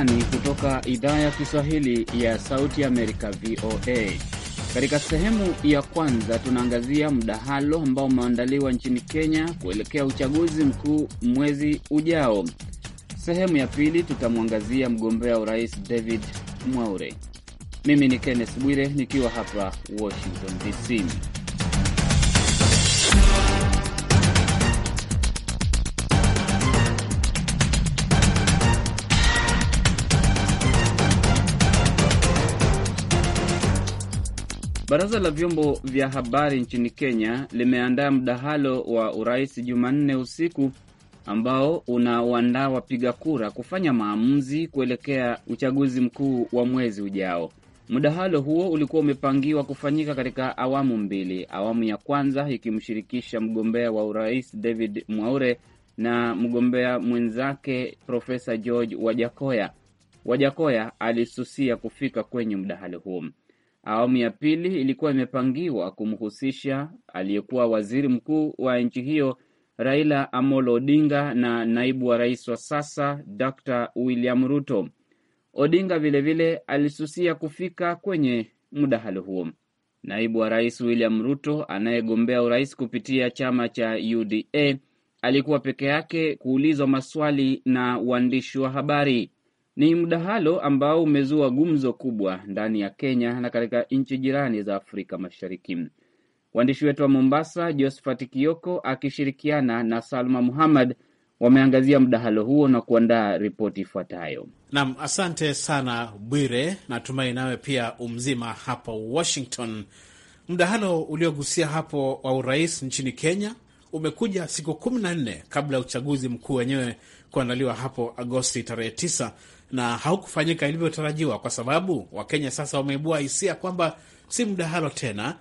Undani kutoka idhaa ya Kiswahili ya Sauti Amerika, VOA. Katika sehemu ya kwanza tunaangazia mdahalo ambao umeandaliwa nchini Kenya kuelekea uchaguzi mkuu mwezi ujao. Sehemu ya pili tutamwangazia mgombea urais David Mwaure. Mimi ni Kenneth Bwire nikiwa hapa Washington DC. Baraza la vyombo vya habari nchini Kenya limeandaa mdahalo wa urais Jumanne usiku ambao unawaandaa wapiga kura kufanya maamuzi kuelekea uchaguzi mkuu wa mwezi ujao. Mdahalo huo ulikuwa umepangiwa kufanyika katika awamu mbili, awamu ya kwanza ikimshirikisha mgombea wa urais David Mwaure na mgombea mwenzake Profesa George Wajakoya. Wajakoya alisusia kufika kwenye mdahalo huo. Awamu ya pili ilikuwa imepangiwa kumhusisha aliyekuwa waziri mkuu wa nchi hiyo Raila Amolo Odinga na naibu wa rais wa sasa Dr William Ruto. Odinga vilevile vile alisusia kufika kwenye mdahalo huo. Naibu wa rais William Ruto anayegombea urais kupitia chama cha UDA alikuwa peke yake kuulizwa maswali na waandishi wa habari. Ni mdahalo ambao umezua gumzo kubwa ndani ya Kenya na katika nchi jirani za Afrika Mashariki. Waandishi wetu wa Mombasa, Josephat Kioko akishirikiana na Salma Muhammad wameangazia mdahalo huo na kuandaa ripoti ifuatayo. Naam, asante sana Bwire, natumai nawe pia umzima hapo Washington. Mdahalo uliogusia hapo wa urais nchini Kenya umekuja siku kumi na nne kabla ya uchaguzi mkuu wenyewe kuandaliwa hapo Agosti tarehe 9 na haukufanyika ilivyotarajiwa, kwa sababu Wakenya sasa wameibua hisia kwamba si mdahalo tena,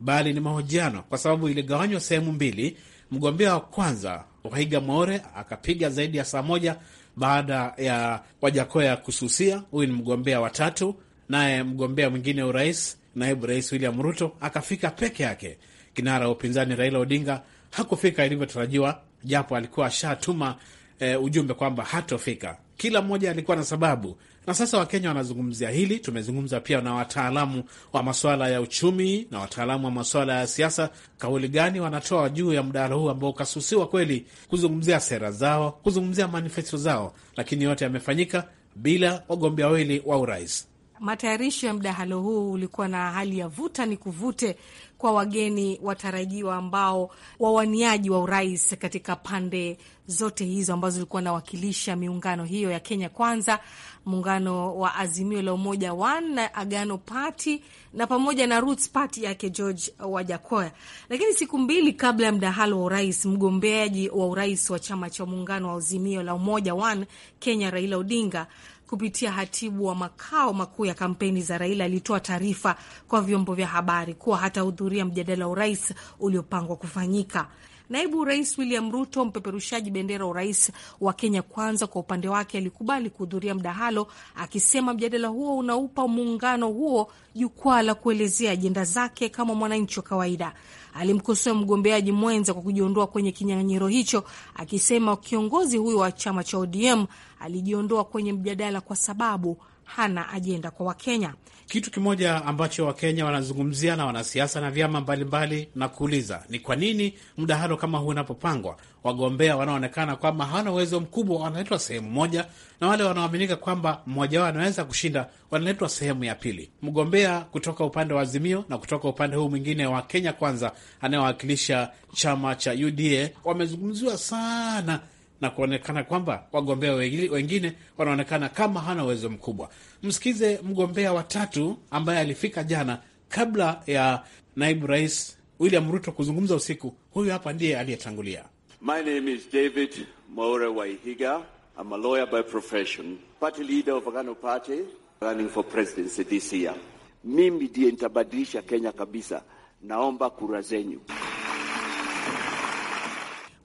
bali ni mahojiano, kwa sababu iligawanywa sehemu mbili. Mgombea wa kwanza Wahiga Maore akapiga zaidi ya saa moja baada ya Wajakoya kususia. Huyu ni mgombea wa tatu, naye mgombea mwingine urais, naibu rais William Ruto akafika peke yake. Kinara wa upinzani Raila Odinga hakufika ilivyotarajiwa, japo alikuwa ashatuma e, ujumbe kwamba hatofika. Kila mmoja alikuwa na sababu, na sasa Wakenya wanazungumzia hili. Tumezungumza pia na wataalamu wa masuala ya uchumi na wataalamu wa masuala ya siasa, kauli gani wanatoa juu ya mdahalo huu ambao ukasusiwa kweli, kuzungumzia sera zao, kuzungumzia manifesto zao, lakini yote yamefanyika bila wagombea wawili wa urais. Matayarisho ya mdahalo huu ulikuwa na hali ya vuta ni kuvute kwa wageni watarajiwa ambao wawaniaji wa urais katika pande zote hizo ambazo zilikuwa nawakilisha miungano hiyo ya Kenya Kwanza, muungano wa Azimio la Umoja One na Agano Party na pamoja na Roots Party yake George Wajakoya. Lakini siku mbili kabla ya mdahalo wa urais, mgombeaji wa urais wa chama cha muungano wa Azimio la Umoja One Kenya Raila Odinga kupitia hatibu wa makao makuu ya kampeni za Raila alitoa taarifa kwa vyombo vya habari kuwa hatahudhuria mjadala wa urais uliopangwa kufanyika. Naibu Rais William Ruto, mpeperushaji bendera urais wa Kenya Kwanza, kwa upande wake alikubali kuhudhuria mdahalo, akisema mjadala huo unaupa muungano huo jukwaa la kuelezea ajenda zake kama mwananchi wa kawaida alimkosoa mgombeaji mwenza kwa kujiondoa kwenye kinyang'anyiro hicho, akisema kiongozi huyo wa chama cha ODM alijiondoa kwenye mjadala kwa sababu hana ajenda kwa Wakenya. Kitu kimoja ambacho Wakenya wanazungumzia na wanasiasa na vyama mbalimbali na kuuliza ni kwa nini mdahalo kama huu unapopangwa, wagombea wanaonekana kwamba hawana uwezo mkubwa wanaletwa sehemu moja, na wale wanaoaminika kwamba mmoja wao anaweza kushinda wanaletwa sehemu ya pili. Mgombea kutoka upande wa Azimio na kutoka upande huu mwingine wa Kenya Kwanza anayewakilisha chama cha UDA wamezungumziwa sana na kuonekana kwamba wagombea wengine wanaonekana kama hana uwezo mkubwa. Msikize mgombea wa tatu ambaye alifika jana kabla ya naibu rais William Ruto kuzungumza usiku. Huyu hapa ndiye aliyetangulia. My name is David Mora Waihiga. I'm a lawyer by profession, party leader of Agano Party running for presidency this year. Mimi ndiye nitabadilisha Kenya kabisa. Naomba kura zenyu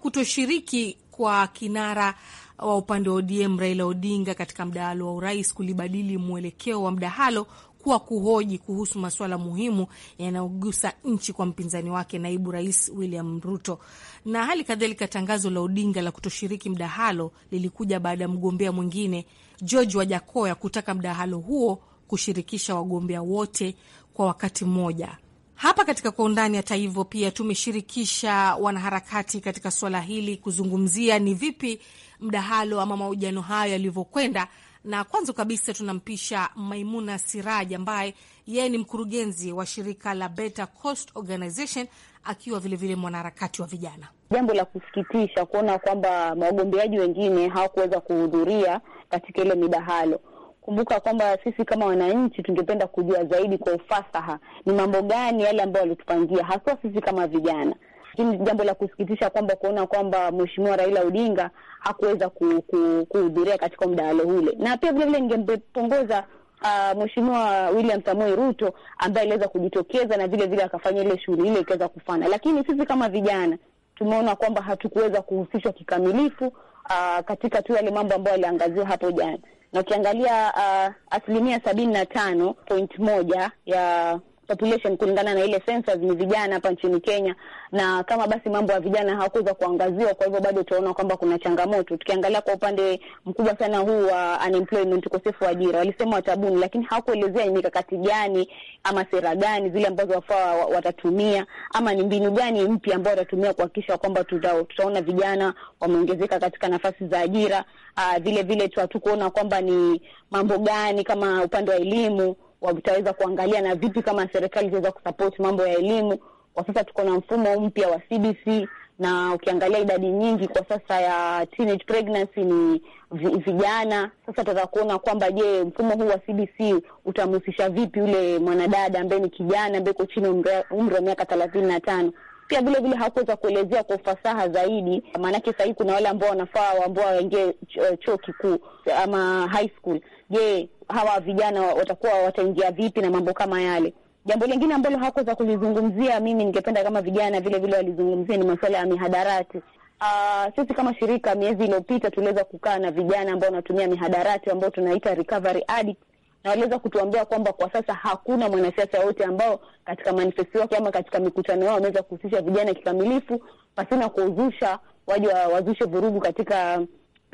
kutoshiriki kwa kinara wa upande wa ODM Raila Odinga katika mdahalo wa urais kulibadili mwelekeo wa mdahalo kuwa kuhoji kuhusu masuala muhimu yanayogusa nchi kwa mpinzani wake naibu rais William Ruto. Na hali kadhalika, tangazo la Odinga la kutoshiriki mdahalo lilikuja baada ya mgombea mwingine George Wajakoya kutaka mdahalo huo kushirikisha wagombea wote kwa wakati mmoja. Hapa katika kwa undani, hata hivyo, pia tumeshirikisha wanaharakati katika suala hili kuzungumzia ni vipi mdahalo ama mahojiano hayo yalivyokwenda, na kwanza kabisa tunampisha Maimuna Siraj ambaye yeye ni mkurugenzi wa shirika la Better Coast Organization akiwa vilevile mwanaharakati wa vijana. Jambo la kusikitisha kuona kwamba wagombeaji wengine hawakuweza kuhudhuria katika ile midahalo kumbuka kwamba sisi kama wananchi tungependa kujua zaidi kwa ufasaha ni mambo gani yale ambayo walitupangia, haswa sisi kama vijana. Lakini jambo la kusikitisha kwamba kuona kwamba Mheshimiwa Raila Odinga hakuweza kuhudhuria ku, ku, katika mdahalo ule, na pia vilevile ningempongoza Uh, ah, Mheshimiwa William Samoei Ruto ambaye aliweza kujitokeza na vile vile akafanya ile shughuli ile ikaweza kufana, lakini sisi kama vijana tumeona kwamba hatukuweza kuhusishwa kikamilifu uh, katika tu yale mambo ambayo aliangaziwa hapo jana na ukiangalia uh, asilimia sabini na tano point moja ya population kulingana na ile sensa ni vijana hapa nchini Kenya, na kama basi mambo ya vijana hawakuweza kuangaziwa, kwa hivyo bado tunaona kwamba kuna changamoto. Tukiangalia kwa upande mkubwa sana huu wa unemployment, ukosefu wa ajira, walisema watabuni, lakini hawakuelezea ni mikakati gani ama sera gani zile ambazo wafaa watatumia ama ni mbinu gani mpya ambao watatumia kuhakikisha kwamba tutaona vijana wameongezeka katika nafasi za ajira. Ah, vile tu hatukuona kwamba ni mambo gani kama upande wa elimu wataweza kuangalia na vipi kama serikali itaweza kusapoti mambo ya elimu. Kwa sasa tuko na mfumo mpya wa CBC na ukiangalia idadi nyingi kwa sasa ya teenage pregnancy ni vijana. Sasa tutaweza kuona kwamba je, mfumo huu wa CBC utamhusisha vipi yule mwanadada ambaye ni kijana ambaye iko chini umri wa miaka thelathini na tano. Pia vile vile hakuweza kuelezea kwa ufasaha zaidi, maanake sahii kuna wale ambao wanafaa ambao waingie chuo kikuu ama high school je, hawa vijana watakuwa wataingia vipi na mambo kama yale. Jambo lingine ambalo hakuweza kulizungumzia, mimi ningependa kama vijana vile vile walizungumzia, ni masuala ya mihadarati. Uh, sisi kama shirika miezi iliyopita tuliweza kukaa na vijana ambao wanatumia mihadarati ambao tunaita recovery addict, na waliweza kutuambia kwamba kwa sasa hakuna mwanasiasa yote ambao katika manifesto yake ama katika mikutano yao ameweza kuhusisha vijana kikamilifu pasina kuuzusha waje wazushe vurugu katika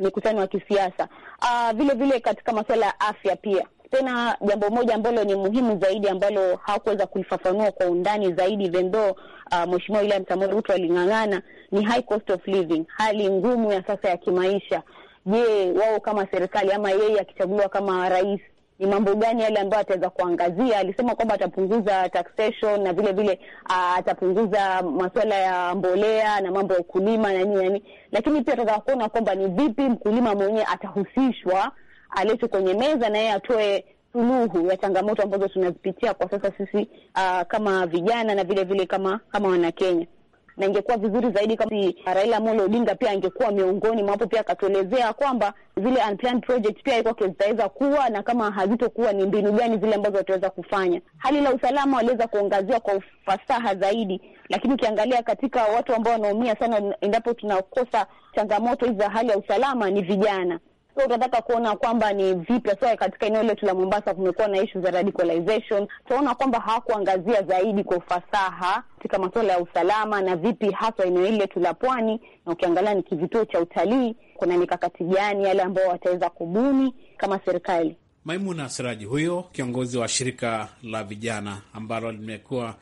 mikutano ya kisiasa. Uh, vile vile katika masuala ya afya pia tena jambo moja ambalo ni muhimu zaidi ambalo hawakuweza kulifafanua kwa undani zaidi vendo, uh, ah, Mheshimiwa William Samoei Ruto aling'ang'ana ni high cost of living, hali ngumu ya sasa ya kimaisha. Je, wao kama serikali ama yeye akichaguliwa kama rais ni mambo gani yale ambayo ataweza kuangazia. Alisema kwamba atapunguza taxation na vile vile atapunguza masuala ya mbolea na mambo ya ukulima na nini na lakini pia ataweza kuona kwamba ni vipi mkulima mwenyewe atahusishwa, aletwe kwenye meza na yeye atoe suluhu ya changamoto ambazo tunazipitia kwa sasa sisi uh, kama vijana na vile vile kama kama Wanakenya na ingekuwa vizuri zaidi kama si uh, Raila Amolo Odinga pia angekuwa miongoni mwapo, pia akatuelezea kwamba zile unplanned project pia iko zitaweza kuwa na kama hazitokuwa ni mbinu gani zile ambazo wataweza kufanya. Hali la usalama waliweza kuangaziwa kwa ufasaha zaidi, lakini ukiangalia katika watu ambao wanaumia sana endapo tunakosa changamoto hizi za hali ya usalama ni vijana. So utataka kuona kwamba ni vipi hasa katika eneo letu la Mombasa kumekuwa na ishu za radicalization. Tunaona kwamba hawakuangazia zaidi kwa ufasaha katika masuala ya usalama na vipi haswa eneo hili letu la pwani, na ukiangalia ni kivutio cha utalii, kuna mikakati gani yale ambao wataweza kubuni kama serikali? Maimuna Siraji huyo kiongozi wa shirika la vijana ambalo limekuwa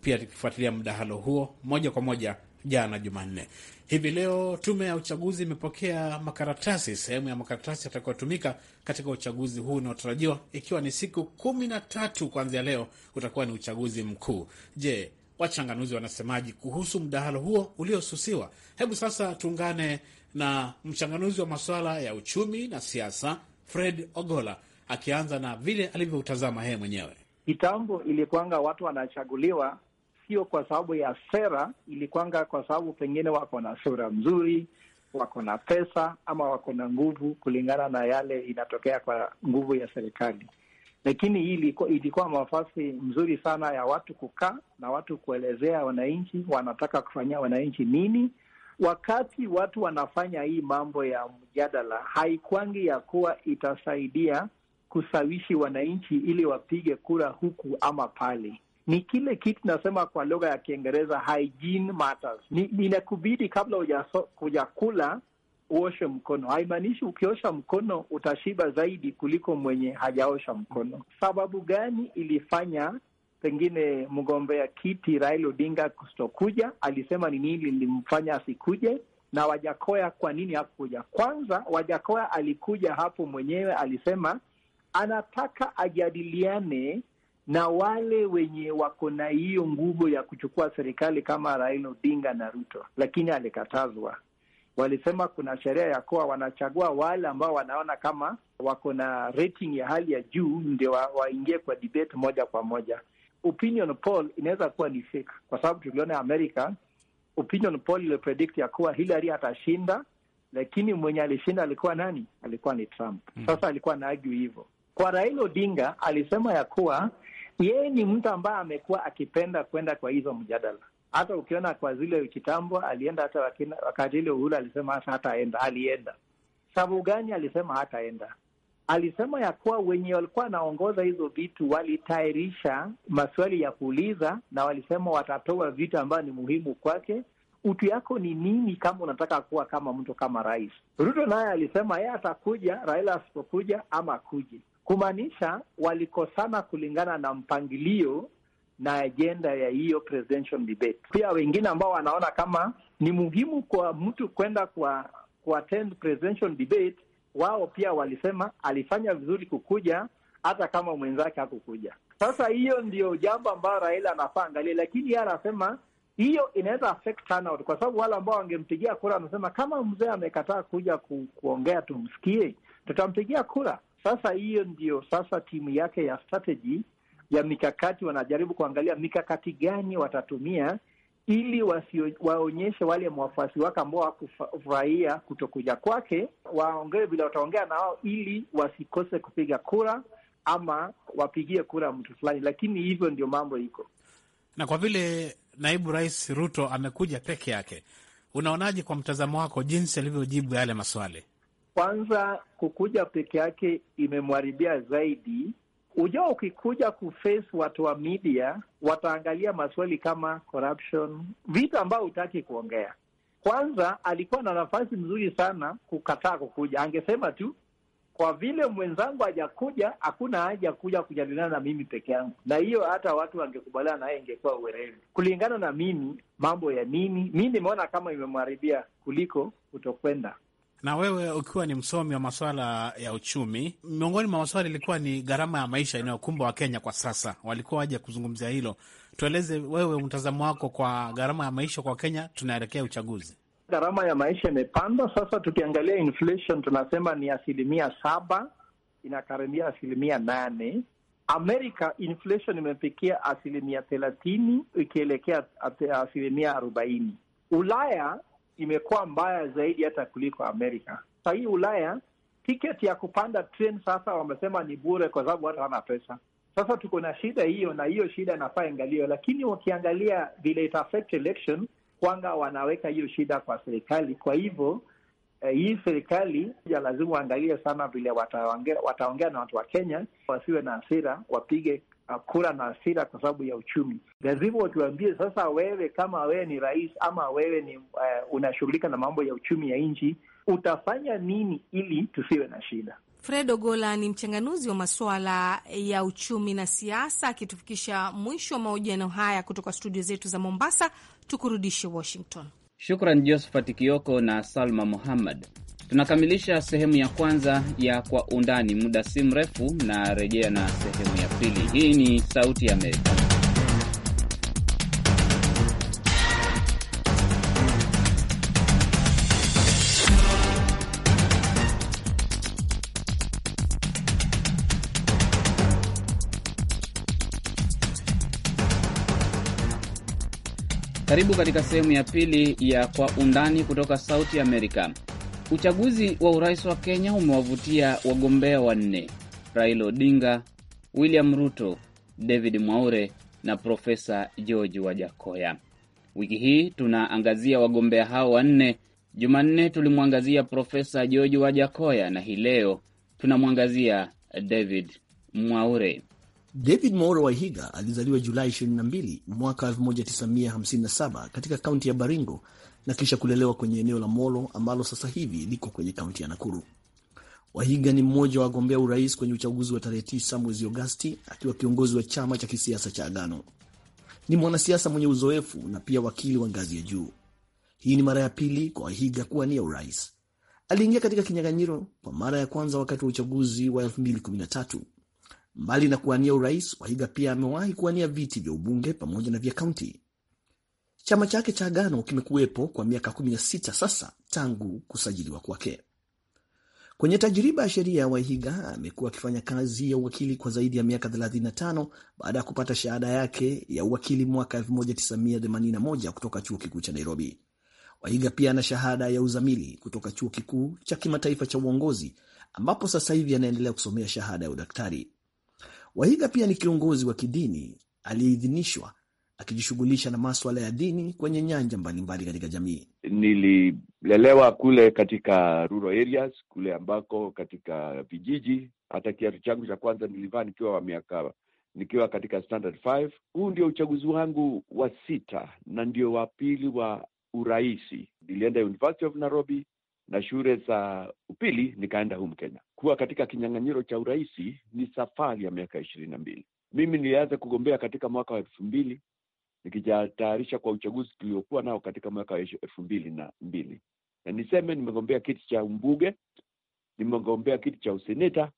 pia likifuatilia mdahalo huo moja kwa moja jana Jumanne. Hivi leo tume ya uchaguzi imepokea makaratasi, sehemu ya makaratasi yatakayotumika katika uchaguzi huu unaotarajiwa, ikiwa ni siku kumi na tatu kuanzia leo, utakuwa ni uchaguzi mkuu. Je, wachanganuzi wanasemaji kuhusu mdahalo huo uliosusiwa? Hebu sasa tuungane na mchanganuzi wa masuala ya uchumi na siasa Fred Ogola, akianza na vile alivyoutazama yeye mwenyewe. Kitambo ilikwanga watu wanachaguliwa sio kwa sababu ya sera, ilikwanga kwa sababu pengine wako na sura mzuri, wako na pesa ama wako na nguvu, kulingana na yale inatokea kwa nguvu ya serikali. Lakini hii ilikuwa, ilikuwa nafasi mzuri sana ya watu kukaa na watu kuelezea wananchi wanataka kufanyia wananchi nini. Wakati watu wanafanya hii mambo ya mjadala, haikwangi ya kuwa itasaidia kusawishi wananchi ili wapige kura huku ama pale ni kile kitu nasema kwa lugha ya Kiingereza hygiene matters. Ni inakubidi kabla hujakula uoshe mkono. Haimaanishi ukiosha mkono utashiba zaidi kuliko mwenye hajaosha mkono. Sababu gani ilifanya pengine mgombea kiti Raila Odinga kustokuja? Alisema ni nini lilimfanya asikuje? Na Wajakoya kwa nini hakukuja? Kwanza, Wajakoya alikuja hapo mwenyewe, alisema anataka ajadiliane na wale wenye wako na hiyo nguvu ya kuchukua serikali kama Raila Odinga na Ruto, lakini alikatazwa. Walisema kuna sheria ya kuwa wanachagua wale ambao wanaona kama wako na rating ya hali ya juu ndio waingie kwa debate moja kwa moja. Opinion poll inaweza kuwa ni fake, kwa sababu tuliona Amerika opinion poll ilipredict ya kuwa Hillary atashinda, lakini mwenye alishinda alikuwa nani? Alikuwa ni Trump. Mm. Sasa alikuwa na argue hivyo kwa Raila Odinga, alisema ya kuwa yeye ni mtu ambaye amekuwa akipenda kwenda kwa hizo mjadala. Hata ukiona kwa zile kitambo alienda, hata wakati ile Uhuru alisema hata hataenda, alienda. Sababu gani alisema hataenda? Alisema ya kuwa wenye walikuwa wanaongoza hizo vitu walitayarisha maswali ya kuuliza, na walisema watatoa vitu ambayo ni muhimu kwake. Utu yako ni nini kama unataka kuwa kama mtu kama rais? Ruto naye alisema yeye atakuja, Raila asipokuja ama akuje kumaanisha walikosana kulingana na mpangilio na ajenda ya hiyo presidential debate. Pia wengine ambao wanaona kama ni muhimu kwa mtu kwenda kwa kuattend presidential debate, wao pia walisema alifanya vizuri kukuja hata kama mwenzake hakukuja. Sasa hiyo ndio jambo ambayo Raila anafaa angalia, lakini yeye anasema hiyo inaweza affect turnout, kwa sababu wale ambao wangempigia kura wanasema kama mzee amekataa kuja ku, kuongea tumsikie, tutampigia kura sasa hiyo ndio sasa timu yake ya strategy ya mikakati, wanajaribu kuangalia mikakati gani watatumia ili wasio, waonyeshe wale mwafuasi wake ambao wakufurahia kutokuja kwake, waongee vile wataongea na wao ili wasikose kupiga kura ama wapigie kura mtu fulani, lakini hivyo ndio mambo iko. Na kwa vile naibu rais Ruto amekuja peke yake, unaonaje kwa mtazamo wako jinsi alivyojibu yale maswali? Kwanza kukuja peke yake imemwharibia zaidi. hujua ukikuja kuface watu wa media, wataangalia maswali kama corruption, vitu ambayo hutaki kuongea. Kwanza alikuwa na nafasi nzuri sana kukataa kukuja, angesema tu kwa vile mwenzangu hajakuja, hakuna haja kuja kujadiliana na mimi peke yangu, na hiyo hata watu wangekubaliana naye, ingekuwa uwerevu. Kulingana na mimi, mambo ya nini, mi nimeona kama imemwharibia kuliko kutokwenda. Na wewe ukiwa ni msomi wa masuala ya uchumi, miongoni mwa maswala ilikuwa ni gharama ya maisha inayokumba Wakenya kwa sasa. Walikuwa waje kuzungumzia hilo. Tueleze wewe mtazamo wako kwa gharama ya maisha kwa kenya tunaelekea uchaguzi. Gharama ya maisha imepanda sasa, tukiangalia inflation tunasema ni asilimia saba inakaribia asilimia nane. Amerika inflation imefikia asilimia thelathini ikielekea asilimia arobaini. Ulaya imekuwa mbaya zaidi hata kuliko Amerika. Sa hii Ulaya tiketi ya kupanda train sasa wamesema ni bure, kwa sababu watu hawana pesa. Sasa tuko na shida hiyo, na hiyo shida inafaa ingaliwe, lakini wakiangalia vile ita affect election kwanga wanaweka hiyo shida kwa serikali. Kwa hivyo eh, hii serikali ya lazima waangalie sana vile wataongea, wataongea na watu wa Kenya wasiwe na hasira, wapige Uh, kura na hasira kwa sababu ya uchumi. Lazima watuambie sasa, wewe kama wewe ni rais ama wewe ni uh, unashughulika na mambo ya uchumi ya nchi, utafanya nini ili tusiwe na shida? Fred Ogola ni mchanganuzi wa masuala ya uchumi na siasa, akitufikisha mwisho wa mahojiano haya kutoka studio zetu za Mombasa. Tukurudishe Washington. Shukran Josephat Kioko na Salma Muhammad. Tunakamilisha sehemu ya kwanza ya Kwa Undani. Muda si mrefu na rejea na sehemu ya pili. Hii ni Sauti ya Amerika. Karibu katika sehemu ya pili ya Kwa Undani kutoka Sauti Amerika. Uchaguzi wa urais wa Kenya umewavutia wagombea wanne: Raila Odinga, William Ruto, David Mwaure na Profesa George Wajakoya. Wiki hii tunaangazia wagombea hao wanne. Jumanne tulimwangazia Profesa George Wajakoya na hii leo tunamwangazia David Mwaure. David Mwaure Wahiga alizaliwa Julai 22 mwaka 1957 katika kaunti ya Baringo na kisha kulelewa kwenye eneo la Molo ambalo sasa hivi liko kwenye kaunti ya Nakuru. Wahiga ni mmoja wa wagombea urais kwenye uchaguzi wa tarehe tisa mwezi Agosti, akiwa kiongozi wa chama cha kisiasa cha Agano. Ni mwanasiasa mwenye uzoefu na pia wakili wa ngazi ya juu. Hii ni mara ya pili kwa Wahiga kuwania urais. Aliingia katika kinyang'anyiro kwa mara ya kwanza wakati wa uchaguzi wa 2013. Mbali na kuwania urais, Wahiga pia amewahi kuwania viti vya ubunge pamoja na vya kaunti. Chama chake cha Agano kimekuwepo kwa miaka 16 sasa tangu kusajiliwa kwake. Kwenye tajriba ya sheria, Waihiga amekuwa akifanya kazi ya uwakili kwa zaidi ya miaka 35 baada ya kupata shahada yake ya uwakili mwaka 1981 kutoka chuo kikuu cha Nairobi. Waihiga pia ana shahada ya uzamili kutoka chuo kikuu cha kimataifa cha uongozi, ambapo sasa hivi anaendelea kusomea shahada ya udaktari. Waihiga pia ni kiongozi wa kidini aliyeidhinishwa akijishughulisha na maswala ya dini kwenye nyanja mbalimbali katika jamii. Nililelewa kule katika rural areas, kule ambako katika vijiji. Hata kiatu changu cha kwanza nilivaa nikiwa wa miaka nikiwa katika standard Huu ndio uchaguzi wangu wa sita na ndio wa pili wa urahisi. Nilienda University of Nairobi na shule za upili nikaenda humu Kenya. Kuwa katika kinyang'anyiro cha urahisi ni safari ya miaka ishirini na mbili. Mimi nilianza kugombea katika mwaka wa elfu mbili nikijatayarisha kwa uchaguzi tuliokuwa nao katika mwaka wa elfu mbili na mbili na niseme nimegombea kiti cha mbunge nimegombea kiti cha useneta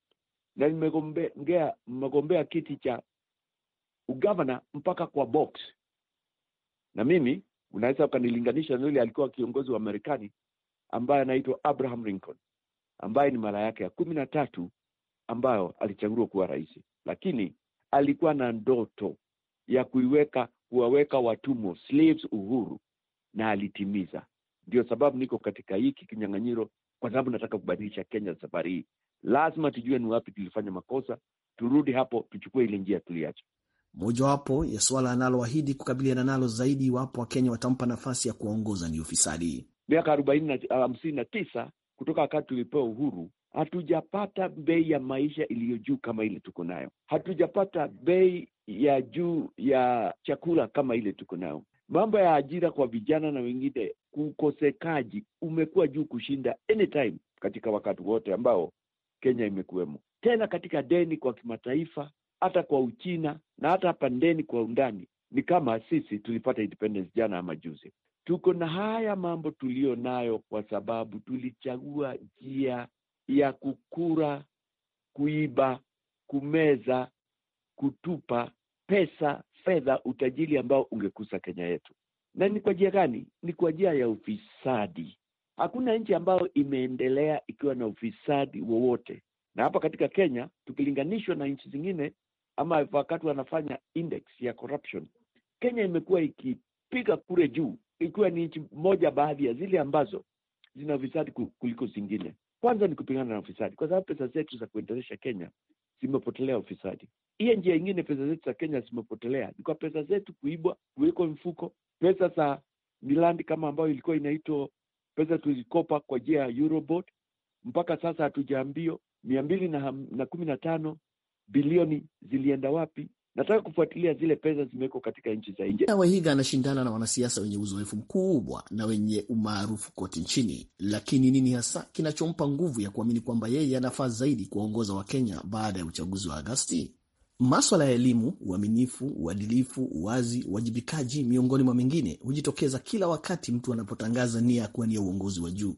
na nimegombea nimegombea kiti cha ugavana mpaka kwa box na mimi unaweza ukanilinganisha na yule alikuwa kiongozi wa marekani ambaye anaitwa abraham lincoln ambaye ni mara yake ya kumi na tatu ambayo alichaguliwa kuwa rahisi lakini alikuwa na ndoto ya kuiweka kuwaweka watumwa slaves uhuru na alitimiza ndio sababu niko katika hiki kinyang'anyiro kwa sababu nataka kubadilisha Kenya safari hii lazima tujue ni wapi tulifanya makosa turudi hapo tuchukue ile njia tuliacha mojawapo ya suala analoahidi kukabiliana nalo zaidi iwapo Wakenya watampa nafasi ya kuwaongoza ni ufisadi miaka arobaini na hamsini na tisa kutoka wakati tulipewa uhuru hatujapata bei ya maisha iliyo juu kama ile tuko nayo. Hatujapata bei ya juu ya chakula kama ile tuko nayo. Mambo ya ajira kwa vijana na wengine, kukosekaji umekuwa juu kushinda anytime katika wakati wote ambao Kenya imekuwemo, tena katika deni kwa kimataifa, hata kwa Uchina na hata hapa ndeni kwa undani. Ni kama sisi tulipata independence jana ama juzi. Tuko na haya mambo tuliyo nayo kwa sababu tulichagua njia ya kukura, kuiba, kumeza kutupa pesa, fedha, utajiri ambao ungekusa Kenya yetu. Na ni kwa njia gani? Ni kwa njia ya ufisadi. Hakuna nchi ambayo imeendelea ikiwa na ufisadi wowote, na hapa katika Kenya tukilinganishwa na nchi zingine, ama wakati wanafanya index ya corruption, Kenya imekuwa ikipiga kule juu, ikiwa ni nchi moja baadhi ya zile ambazo zina ufisadi kuliko zingine. Kwanza ni kupigana na ufisadi, kwa sababu pesa zetu za kuendelesha Kenya zimepotelea ufisadi. Hiyo njia ingine, pesa zetu za Kenya zimepotelea, ni kwa pesa zetu kuibwa, kuwekwa mfuko, pesa za milandi kama ambayo ilikuwa inaitwa pesa tulikopa kwa njia ya Eurobond, mpaka sasa hatujaambio mia mbili na, na kumi na tano bilioni zilienda wapi? nataka kufuatilia zile pesa zimewekwa katika nchi za nje. Wahiga anashindana na wanasiasa wenye uzoefu mkubwa na wenye umaarufu kote nchini, lakini nini hasa kinachompa nguvu ya kuamini kwamba yeye anafaa zaidi kuwaongoza Wakenya baada ya uchaguzi wa Agasti? Maswala ya elimu, uaminifu, uadilifu, uwazi, uwajibikaji, miongoni mwa mengine hujitokeza kila wakati mtu anapotangaza nia ya kuwania uongozi wa juu.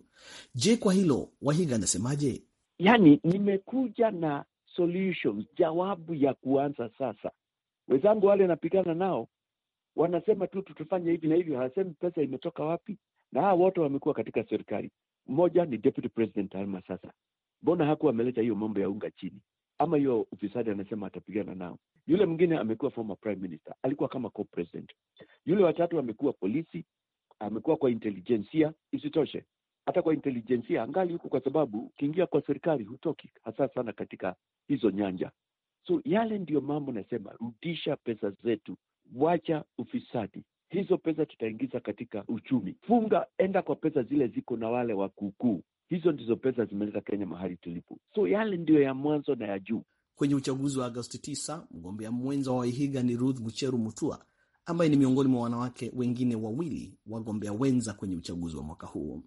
Je, kwa hilo Wahiga anasemaje? Yani, nimekuja na solutions, jawabu ya kuanza sasa Wenzangu wale napigana nao wanasema tu tutufanye hivi na hivi, hawasemi pesa imetoka wapi, na hawa wote wamekuwa katika serikali. Mmoja ni deputy president Alma sasa, mbona hakuwa ameleta hiyo mambo ya unga chini ama hiyo ufisadi? Anasema atapigana nao. Yule mwingine amekuwa former prime minister, alikuwa kama co-president. Yule watatu amekuwa polisi, amekuwa kwa intelijensia. Isitoshe hata kwa intelijensia angali huko, kwa sababu ukiingia kwa serikali hutoki, hasa sana katika hizo nyanja. So yale ndiyo mambo nasema, rudisha pesa zetu, wacha ufisadi. Hizo pesa tutaingiza katika uchumi. Funga, enda kwa pesa zile ziko na wale wakuukuu. Hizo ndizo pesa zimeleta Kenya mahali tulipo. So yale ndiyo ya mwanzo na ya juu. Kwenye uchaguzi wa Agosti 9 mgombea mwenza wa Waihiga ni Ruth Mucheru Mutua ambaye ni miongoni mwa wanawake wengine wawili wagombea wenza kwenye uchaguzi wa mwaka huo.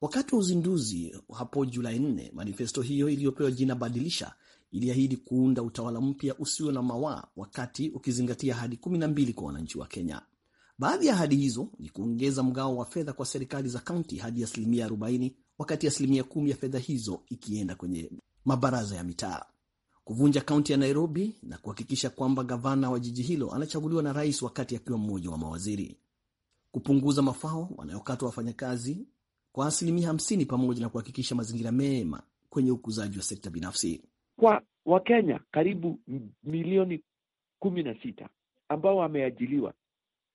Wakati wa uzinduzi hapo Julai 4, manifesto hiyo iliyopewa jina Badilisha iliahidi kuunda utawala mpya usio na mawaa wakati ukizingatia hadi kumi na mbili kwa wananchi wa Kenya. Baadhi ya ahadi hizo ni kuongeza mgao wa fedha kwa serikali za kaunti hadi asilimia 40, wakati asilimia kumi ya fedha hizo ikienda kwenye mabaraza ya mitaa, kuvunja kaunti ya Nairobi na kuhakikisha kwamba gavana wa jiji hilo anachaguliwa na rais wakati akiwa mmoja wa mawaziri, kupunguza mafao wanayokatwa wafanyakazi kwa asilimia 50, pamoja na kuhakikisha mazingira mema kwenye ukuzaji wa sekta binafsi kwa Wakenya karibu milioni kumi na sita ambao wameajiliwa.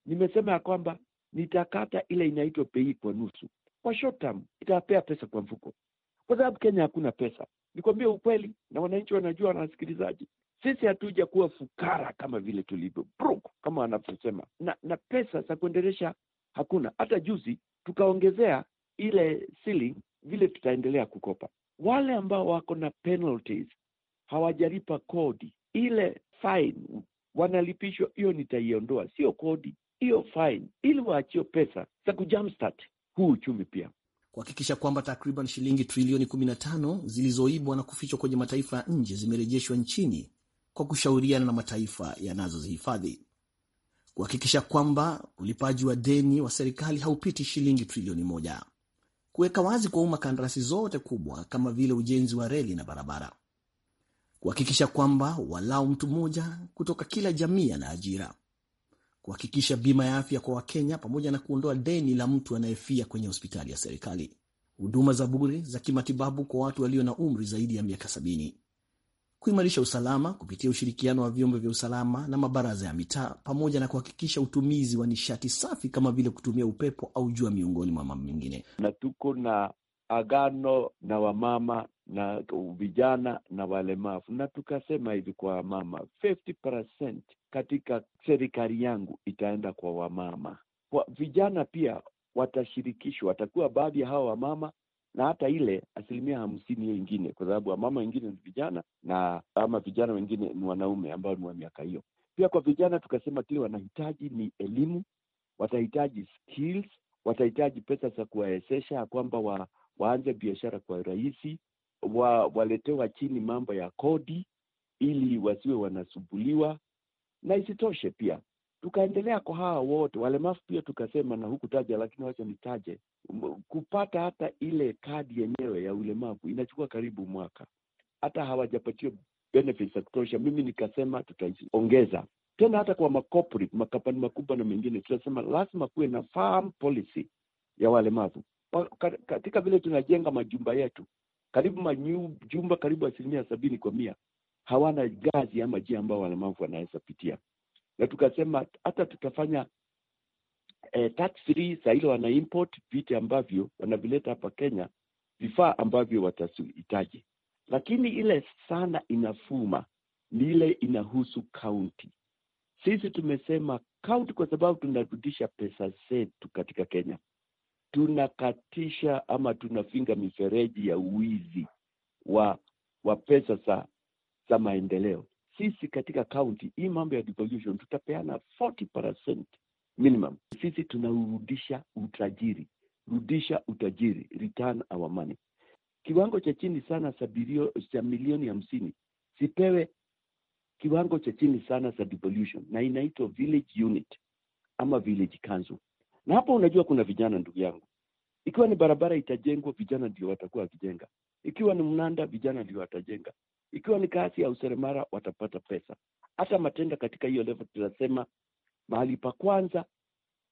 Nimesema ya kwamba nitakata ile inaitwa pei kwa nusu kwa short term, itapea pesa kwa mfuko, kwa sababu Kenya hakuna pesa. Nikwambie ukweli, na wananchi wanajua, na wasikilizaji, sisi hatuja kuwa fukara kama vile tulivyo broke kama wanavyosema, na, na pesa za kuendelesha hakuna. Hata juzi tukaongezea ile ceiling vile tutaendelea kukopa. Wale ambao wako na penalties hawajalipa kodi ile fine wanalipishwa, hiyo nitaiondoa, sio kodi hiyo fine, ili waachie pesa za kujamstart huu uchumi pia kuhakikisha kwamba takriban shilingi trilioni 15 zilizoibwa na kufichwa kwenye mataifa ya nje zimerejeshwa nchini kwa kushauriana na mataifa yanazozihifadhi, kuhakikisha kwamba ulipaji wa deni wa serikali haupiti shilingi trilioni moja, kuweka wazi kwa umma kandarasi zote kubwa kama vile ujenzi wa reli na barabara, kuhakikisha kwamba walau mtu mmoja kutoka kila jamii ana ajira, kuhakikisha bima ya afya kwa Wakenya pamoja na kuondoa deni la mtu anayefia kwenye hospitali ya serikali, huduma za bure za kimatibabu kwa watu walio na umri zaidi ya miaka sabini, kuimarisha usalama kupitia ushirikiano wa vyombo vya usalama na mabaraza ya mitaa, pamoja na kuhakikisha utumizi wa nishati safi kama vile kutumia upepo au jua, miongoni mwa mambo mengine. Na tuko na agano na wamama na vijana na walemavu, na tukasema hivi kwa wamama 50% katika serikali yangu itaenda kwa wamama. Kwa vijana pia watashirikishwa, watakuwa baadhi ya hawa wamama na hata ile asilimia hamsini hiyo ingine, kwa sababu wamama wengine ni vijana na ama vijana wengine ni wanaume ambao ni wa miaka hiyo. Pia kwa vijana tukasema kile wanahitaji ni elimu, watahitaji skills, watahitaji pesa za kuwawezesha kwamba wa, waanze biashara kwa urahisi, wa, waletewa chini mambo ya kodi ili wasiwe wanasumbuliwa, na isitoshe pia tukaendelea kwa hawa wote walemavu pia tukasema, na huku taja, lakini wacha nitaje, kupata hata ile kadi yenyewe ya ulemavu inachukua karibu mwaka, hata hawajapatiwa benefits za kutosha. Mimi nikasema tutaongeza tena, hata kwa makopri makampani makubwa na mengine, tunasema lazima kuwe na farm policy ya walemavu katika vile tunajenga majumba yetu, karibu majumba karibu asilimia sabini kwa mia hawana gazi ama jia ambao walemavu wanaweza pitia, na tukasema hata tutafanya eh, tax free saa ile wana import viti ambavyo wanavileta hapa Kenya, vifaa ambavyo watahitaji, lakini ile sana inafuma ni ile inahusu kaunti. Sisi tumesema kaunti, kwa sababu tunarudisha pesa zetu katika Kenya tunakatisha ama tunafinga mifereji ya uwizi wa wa pesa za za maendeleo. Sisi katika kaunti hii mambo ya devolution tutapeana 40% minimum. Sisi tunaurudisha utajiri, rudisha utajiri, return our money. Kiwango cha chini sana cha milioni hamsini sipewe kiwango cha chini sana za devolution, na inaitwa village unit ama village council. Na hapo unajua kuna vijana, ndugu yangu. Ikiwa ni barabara itajengwa, vijana ndio watakuwa wakijenga. Ikiwa ni mnanda, vijana ndio watajenga. Ikiwa ni kazi ya useremara, watapata pesa. Hata matenda katika hiyo level, tunasema mahali pa kwanza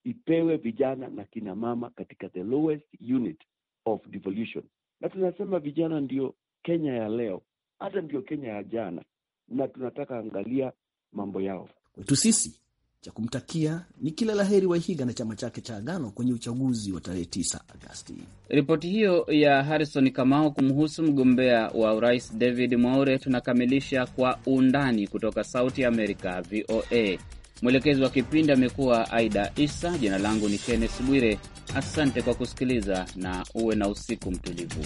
ipewe vijana na kina mama katika the lowest unit of devolution, na tunasema vijana ndio Kenya ya leo, hata ndio Kenya ya jana, na tunataka angalia mambo yao. Kwetu sisi cha kumtakia ni kila la heri Waihiga na chama chake cha Agano kwenye uchaguzi wa tarehe 9 Agasti. Ripoti hiyo ya Harrison Kamau kumhusu mgombea wa urais David Mwaure tunakamilisha kwa undani kutoka Sauti Amerika, VOA. Mwelekezi wa kipindi amekuwa Aida Isa. Jina langu ni kennes Bwire. Asante kwa kusikiliza na uwe na usiku mtulivu.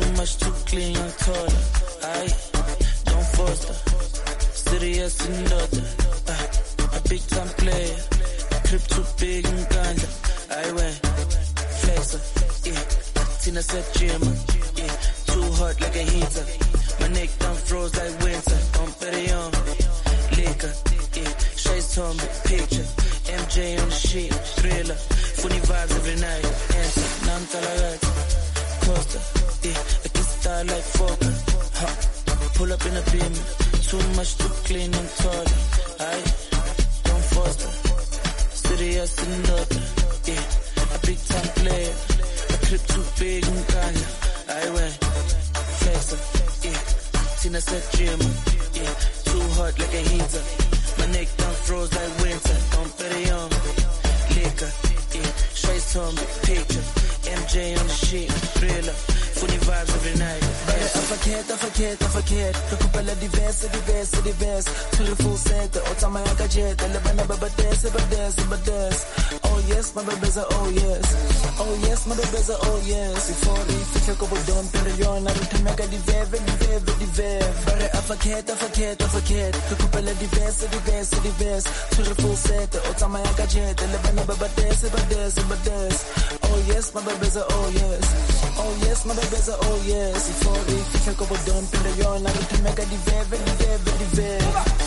too much, too clean, young toilet. in a set gym. Yeah, too hot like a heater. My neck done froze like winter. Don't bet it on liquor. Yeah, straight from picture. MJ on the shit, thriller. Funny vibes every night. Bale, I forget, I forget, I forget. Recupela diverse, diverse, diverse. Tuli full set, otama yaka jet. Elebana baba dance, baba dance, baba dance yes, my baby's a oh yes. Oh yes, my baby's a oh yes. Before they fix a couple don't put it on, I don't make a divev, divev, divev. But I forget, I forget, I forget. The couple of divers, divers, divers. To the full set, the Otama Yakajet, the Lebanon, but this, but this, but this. Oh yes, my baby's a oh yes. Oh yes, my baby's a oh yes. Before they fix a couple don't put it on, I do make a divev, divev, divev.